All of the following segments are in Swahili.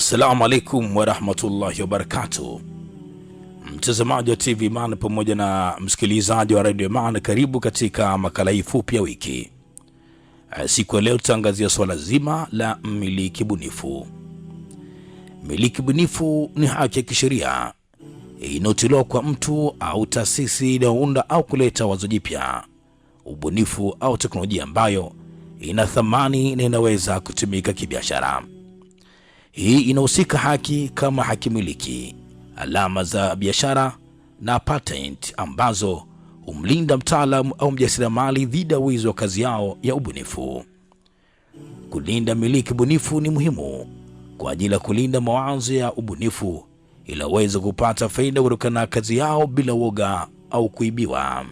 Assalamu alaikum warahmatullahi wabarakatuh, mtazamaji wa TV Man pamoja na msikilizaji wa Radio Man, karibu katika makala hii fupi ya wiki. Eh, siku ya leo tutaangazia swala zima la mmiliki bunifu. Miliki bunifu ni haki ya kisheria inayotolewa kwa mtu au taasisi inayounda au kuleta wazo jipya, ubunifu au teknolojia ambayo ina thamani na inaweza kutumika kibiashara. Hii inahusika haki kama hakimiliki, alama za biashara na patent ambazo humlinda mtaalamu au mjasiriamali dhidi ya wizi wa kazi yao ya ubunifu. Kulinda miliki bunifu ni muhimu kwa ajili ya kulinda mawazo ya ubunifu ili waweze kupata faida kutokana na kazi yao bila woga au kuibiwa.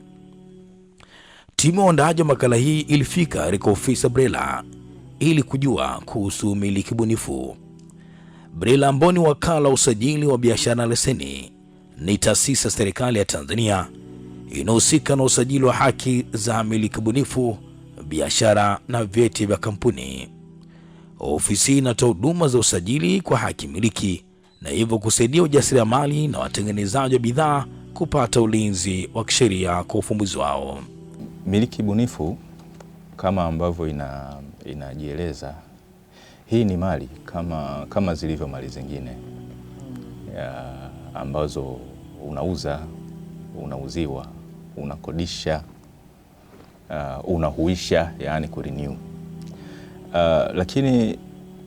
Timu ya uandaaji wa makala hii ilifika katika ofisi ya BRELA ili kujua kuhusu miliki bunifu BRILA ambao ni wakala wa usajili wa biashara na leseni, ni taasisi ya serikali ya Tanzania inayohusika na usajili wa haki za miliki bunifu, biashara na vyeti vya kampuni. Ofisi inatoa huduma za usajili kwa haki miliki na hivyo kusaidia ujasiriamali na watengenezaji wa bidhaa kupata ulinzi wa kisheria kwa ufumbuzi wao. Miliki bunifu kama ambavyo inajieleza ina hii ni mali kama, kama zilivyo mali zingine ya, ambazo unauza, unauziwa, unakodisha, uh, unahuisha yaani renew Uh, lakini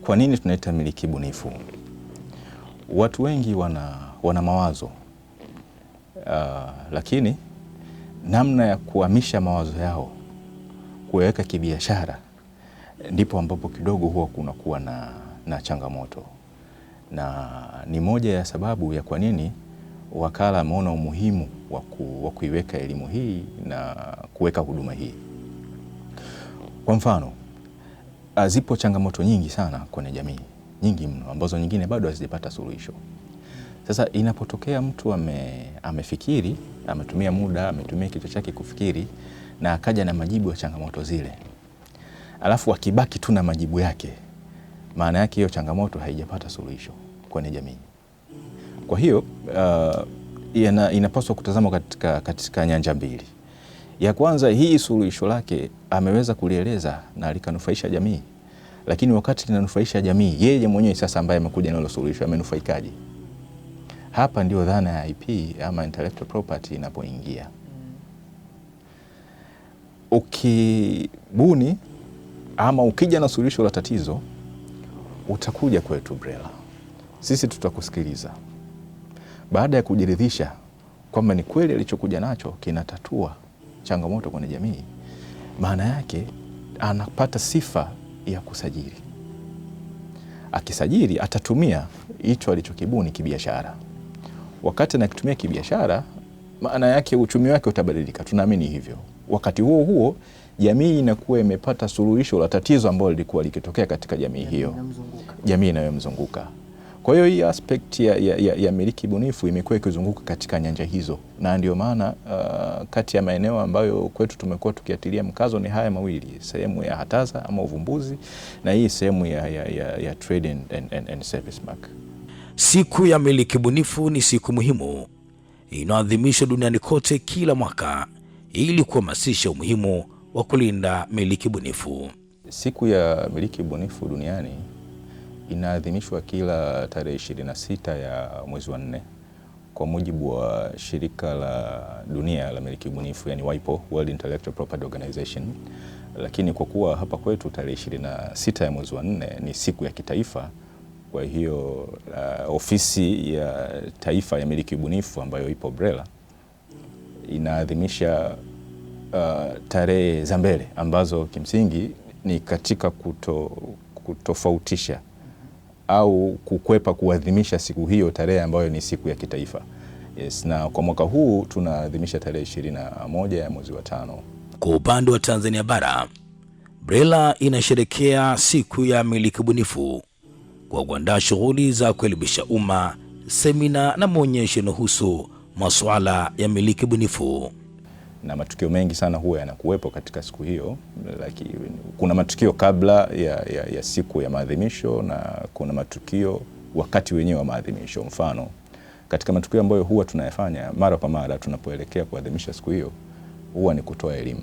kwa nini tunaita miliki bunifu? Watu wengi wana, wana mawazo uh, lakini namna ya kuhamisha mawazo yao kuyaweka kibiashara ndipo ambapo kidogo huwa kunakuwa na, na changamoto na ni moja ya sababu ya kwa nini wakala ameona umuhimu wa kuiweka elimu hii na kuweka huduma hii. Kwa mfano, zipo changamoto nyingi sana kwenye jamii, nyingi mno, ambazo nyingine bado hazijapata suluhisho. Sasa inapotokea mtu ame, amefikiri ametumia muda ametumia kichwa chake kufikiri na akaja na majibu ya changamoto zile alafu wakibaki tu na majibu yake, maana yake hiyo changamoto haijapata suluhisho kwenye jamii. Kwa hiyo uh, ina, inapaswa kutazama katika, katika nyanja mbili. Ya kwanza hii suluhisho lake ameweza kulieleza na likanufaisha jamii, lakini wakati linanufaisha jamii, yeye mwenyewe sasa ambaye amekuja nalo suluhisho amenufaikaje? Hapa ndio dhana ya IP ama intellectual property inapoingia. Mm. Ukibuni ama ukija na suluhisho la tatizo utakuja kwetu BRELA, sisi tutakusikiliza baada ya kujiridhisha kwamba ni kweli alichokuja nacho kinatatua changamoto kwenye jamii. Maana yake anapata sifa ya kusajili. Akisajili atatumia hicho alichokibuni kibiashara. Wakati anakitumia kibiashara, maana yake uchumi wake utabadilika, tunaamini hivyo. Wakati huo huo jamii inakuwa imepata suluhisho la tatizo ambalo lilikuwa likitokea katika jamii hiyo, jamii inayomzunguka. Kwa hiyo hii aspect ya, ya, ya, ya miliki bunifu imekuwa ikizunguka katika nyanja hizo, na ndio maana uh, kati ya maeneo ambayo kwetu tumekuwa tukiatilia mkazo ni haya mawili, sehemu ya hataza ama uvumbuzi na hii sehemu ya, ya, ya, ya trade and, and, and service mark. Siku ya miliki bunifu ni siku muhimu inaadhimishwa duniani kote kila mwaka ili kuhamasisha umuhimu wa kulinda miliki bunifu. Siku ya miliki bunifu duniani inaadhimishwa kila tarehe 26 ya mwezi wa nne kwa mujibu wa shirika la dunia la miliki bunifu, yani WIPO, World Intellectual Property Organization. Lakini kwa kuwa hapa kwetu tarehe 26 ya mwezi wa nne ni siku ya kitaifa, kwa hiyo uh, ofisi ya taifa ya miliki bunifu ambayo ipo BRELA inaadhimisha uh, tarehe za mbele ambazo kimsingi ni katika kuto, kutofautisha au kukwepa kuadhimisha siku hiyo tarehe ambayo ni siku ya kitaifa. Yes, na kwa mwaka huu tunaadhimisha tarehe 21 ya mwezi wa tano. Kwa upande wa Tanzania bara, BRELA inasherekea siku ya miliki bunifu kwa kuandaa shughuli za kuelimisha umma, semina na maonyesho yanayohusu masuala ya miliki bunifu na matukio mengi sana huwa yanakuwepo katika siku hiyo. Laki, kuna matukio kabla ya, ya, ya siku ya maadhimisho na kuna matukio wakati wenyewe wa maadhimisho. Mfano, katika matukio ambayo huwa tunayafanya mara kwa mara tunapoelekea kuadhimisha siku hiyo huwa ni kutoa elimu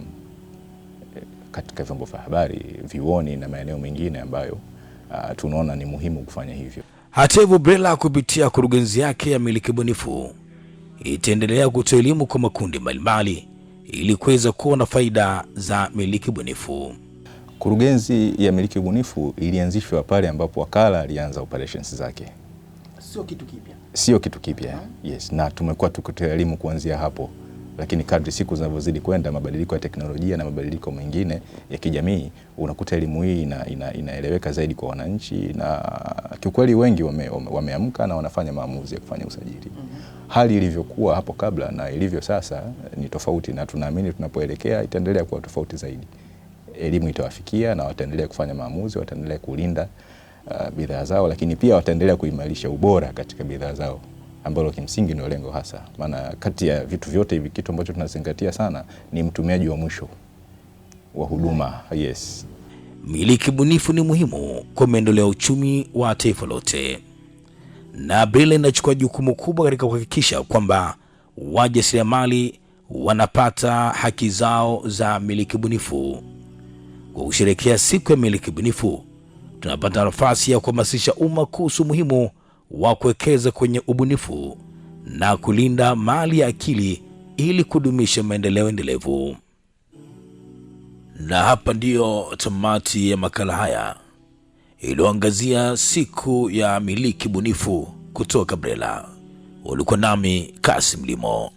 eh, katika vyombo vya habari, vioni na maeneo mengine ambayo uh, tunaona ni muhimu kufanya hivyo. Hata hivyo, BRELA kupitia kurugenzi yake ya miliki bunifu itaendelea kutoa elimu kwa makundi mbalimbali ili kuweza kuona faida za miliki bunifu. Kurugenzi ya miliki bunifu ilianzishwa pale ambapo wakala alianza operations zake, sio kitu kipya, sio kitu kipya yes, na tumekuwa tukitoa elimu kuanzia hapo, lakini kadri siku zinavyozidi kwenda, mabadiliko ya teknolojia na mabadiliko mengine ya kijamii, unakuta elimu hii ina, ina, inaeleweka zaidi kwa wananchi, na kiukweli wengi wameamka wame na wanafanya maamuzi ya kufanya usajili mm -hmm hali ilivyokuwa hapo kabla na ilivyo sasa ni tofauti, na tunaamini tunapoelekea itaendelea kuwa tofauti zaidi. Elimu itawafikia na wataendelea kufanya maamuzi, wataendelea kulinda uh, bidhaa zao, lakini pia wataendelea kuimarisha ubora katika bidhaa zao, ambalo kimsingi ndio lengo hasa. Maana kati ya vitu vyote hivi kitu ambacho tunazingatia sana ni mtumiaji wa mwisho wa huduma. Yes, miliki bunifu ni muhimu kwa maendeleo ya uchumi wa taifa lote na bila inachukua jukumu kubwa katika kuhakikisha kwamba wajasiriamali wanapata haki zao za miliki bunifu. Kwa kusherekea siku ya miliki bunifu, tunapata nafasi ya kuhamasisha umma kuhusu umuhimu wa kuwekeza kwenye ubunifu na kulinda mali ya akili ili kudumisha maendeleo endelevu. Na hapa ndiyo tamati ya makala haya iliyoangazia siku ya miliki bunifu kutoka Brela. Ulikuwa nami Kasim Limo.